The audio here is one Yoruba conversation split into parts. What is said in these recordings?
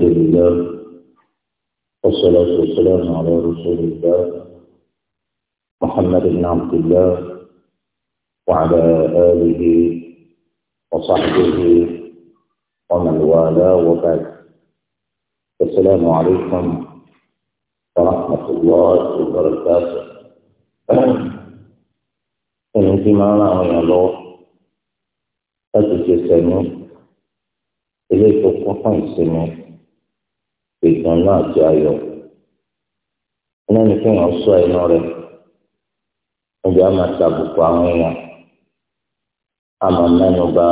الحمد لله والصلاة والسلام على رسول الله محمد بن عبد الله وعلى آله وصحبه ومن والاه وبعد السلام عليكم ورحمة الله وبركاته الانتماء يا الله أتجسني إليكم وخمسني ìtàn náà àti ayọ̀ iná ni kéèyàn sọ ẹnu rẹ̀ níbi àmà tàbùkù àwọn èèyàn àmà mẹ́nu bà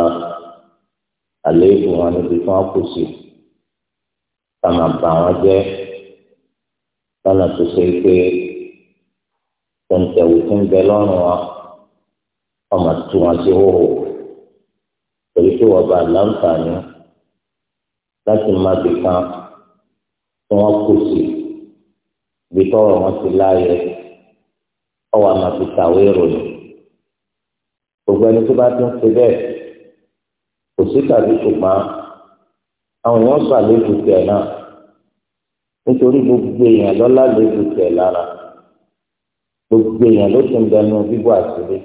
àléébù wọn níbi tí wọ́n kù sí àmà bà wọn jẹ́ lọ́nà tó ṣe pé tẹ̀ǹtẹ̀wò tí ń bẹ lọ́rùn wọn ọmọ tí wọn ti hóhò pẹ̀lú tí wọ́n bá láǹfààní láti má bìkan tí wọ́n kù sí ibi tọ́rọ̀ wọn ti láàyè ọwọ́ àmà fi kàwé ìròyìn gbogbo ẹni tó bá ti ń ṣe bẹ́ẹ̀ kò sí tàbí ṣùgbọ́n àwọn èèyàn sọ àlejò tiẹ̀ náà nítorí gbogbo èèyàn lọ́la àlejò tiẹ̀ lára gbogbo èèyàn ló ti ń dẹnu bíbọ̀ àṣírí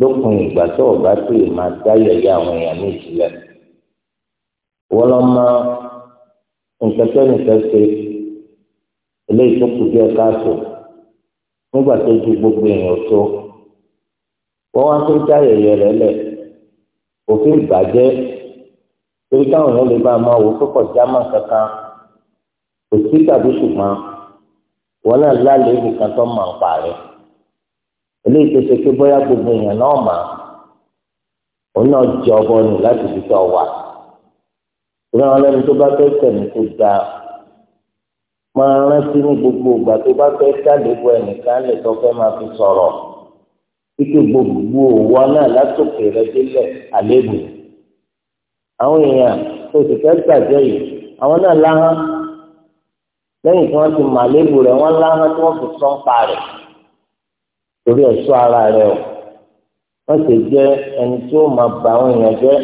lókun ìgbà tó ọ̀gá tó yìí máa dá yẹ̀yẹ́ àwọn èèyàn ní ìsílẹ̀ wọ́n lọ́ máa nǹkan tó nìkan ṣe eléyìí tó kù díẹ̀ káàtó nígbà tó ju gbogbo èèyàn tó wọ́n wá tó ń já yẹ̀yẹ̀ rẹ̀ lẹ̀ òfin ìbàjẹ́ torí káwọn èèyàn lè bá a máa wò kókò jámà kankan kò sí tàbí ṣùgbọ́n wọn náà lálẹ́ ibùkan tó máa ń parẹ́ eléyìí tó ṣe pé bóyá gbogbo èèyàn náà mà òun náà jẹ ọbọ nù láti fi tọ́ wà ìlú àwọn ẹni tó bá fẹ́ tẹ̀mí tó da máa rántí ní gbogbo ìgbà tó bá fẹ́ sàlébù ẹnìkan lè tó fẹ́ máa fi sọ̀rọ̀ títí gbogbo òwò náà látòkè rẹ délẹ̀ àlébù àwọn èèyàn tó sì fẹ́ gbàjẹ́ yìí àwọn náà láhán lẹ́yìn tí wọ́n ti mà lébù rẹ̀ wọ́n láhán tí wọ́n fi sọ́n pa rẹ̀ torí ẹ̀ṣọ́ ara rẹ̀ o wọ́n sì jẹ́ ẹni tí ó máa bà àwọn èèyàn jẹ́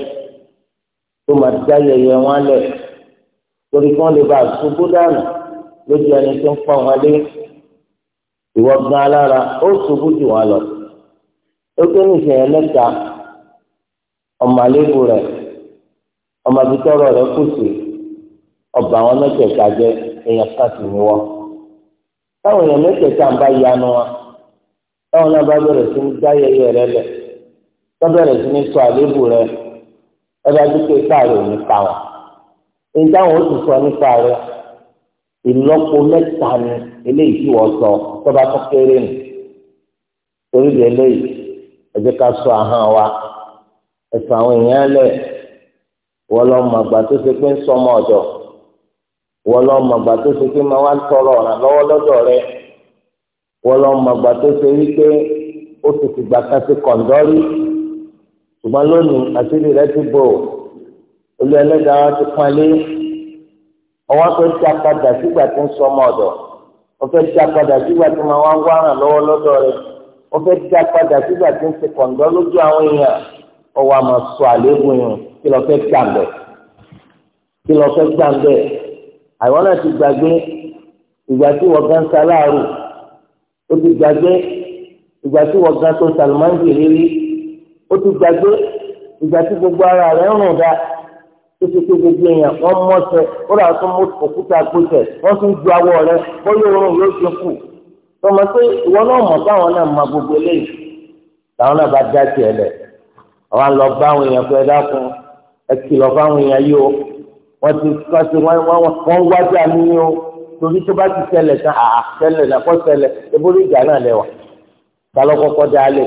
tó máa dá yẹyẹ wọn lẹ̀ torí kí wọ́n lè bá àṣubú dànù lójú ẹni tó ń pọ̀ wọn lé ìwọ gan alára ó ṣubú jù wọn lọ ó gbé nìṣẹ̀yẹ mẹ́ta ọmọ àlébù rẹ̀ ọmọ àbítọ́rọ̀ rẹ̀ kù sí ọba àwọn mẹ́tẹ̀ẹ̀ta jẹ́ èèyàn káàkiri ni wọ́n táwọn èèyàn mẹ́tẹ̀ẹ̀ta ń bá yanu wọn táwọn náà bá bẹ̀rẹ̀ sí ní dá yẹyẹ rẹ̀ lẹ̀ tó bẹ̀rẹ̀ sí ní sọ àlébù rẹ̀ ọba dúpẹ́ káàrọ̀ òní ká wọn. èyí táwọn ó ti sọ nípa rẹ̀ ìlọ́po mẹ́ta ni eléyìí tí sọ tó kéré nù. torí ká sọ wa ẹ̀sùn àwọn èèyàn lẹ̀ wọ́n lọ àgbà tó ṣe pé ń sọmọ ọ̀dọ̀ wọ́n lọ àgbà tó ṣe pé máa wá tọrọ lọ́wọ́ lọ́dọ̀ lọ ṣùgbọ́n lónìí àṣírí rẹ ti bò olú ẹlẹ́dàá ti pọn lé ọwọ́ fẹ́ ti apàdà sígbà tó ń sọ ọmọ ọ̀dọ̀ wọ́n fẹ́ ti apàdà sígbà tó máa ń wá ràn lọ́wọ́ lọ́dọ̀ rẹ̀ wọ́n fẹ́ ti apàdà sígbà tó ń ṣe kọ̀ǹdọ́ lójú àwọn èèyàn ọwọ́ àmọ̀ sọ àléébùn yìí kí lọ́ọ́ fẹ́ gbàǹbẹ̀ kí lọ́ọ́ fẹ́ gbàǹbẹ̀ àwọn náà ti gbàgbé ìgbà tí wọ́n gan sa láàrú ó ti gbàgbé ìgbà tí wọ́n gan tó sàlùmáǹdì rírí ó ti gbàgbé ìgbà tí gbogbo ara rẹ̀ ń rùn dá tó ti pé gbogbo èèyàn wọ́n mọ́sẹ̀ ó rà tún mú òkúta gbọ́sẹ̀ wọ́n tún ju awọ rẹ̀ bóyá oorun yóò ṣe kù tọmọ pé ìwọ náà mọ̀ báwọn náà mọ gbogbo eléyìí làwọn náà bá dá tiẹ̀ lẹ̀ àwọn lọ bá àwọn èèyàn pé dákun ẹ kìlọ̀ fáwọn èèyàn yìí o wọ́n ti kọ́sí wọ́n wájú àmì yìí o torí tó bá ti ṣẹlẹ̀ tán àà ṣẹlẹ̀ nàkọ́ ṣẹlẹ̀ ebólú ìjà náà lẹ́wà ta lọ́kọ́kọ́ dá lé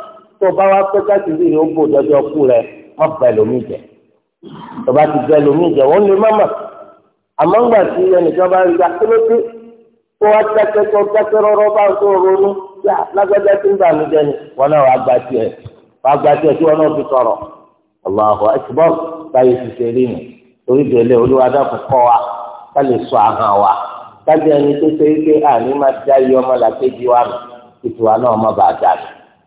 tó o bá wá pé káàkiri rí o bò dọjọ́ kú rẹ wọn bá ẹlòmíì jẹ tó bá ti bá ẹlòmíì jẹ wọn lè má mà àmọ́ ńgbà tí ẹnìkan bá rí akérèké tó wá dákẹ́ tó dákẹ́ rọ́rọ́ bá tó ronú yá lágbájá tí ń bà mí jẹ ni wọn náà wàá gba tiẹ̀ wàá gba tiẹ̀ tí wọn náà fi sọ̀rọ̀ Allahu akbar báyìí ti ṣe rí nù torí bẹ̀lẹ̀ olúwa dákun kọ́ wa ká lè sọ àhàn wa kájọ ẹni tó ṣe é pé àní máa dá ọmọ làkejì wa nù ìtura náà má bàa dà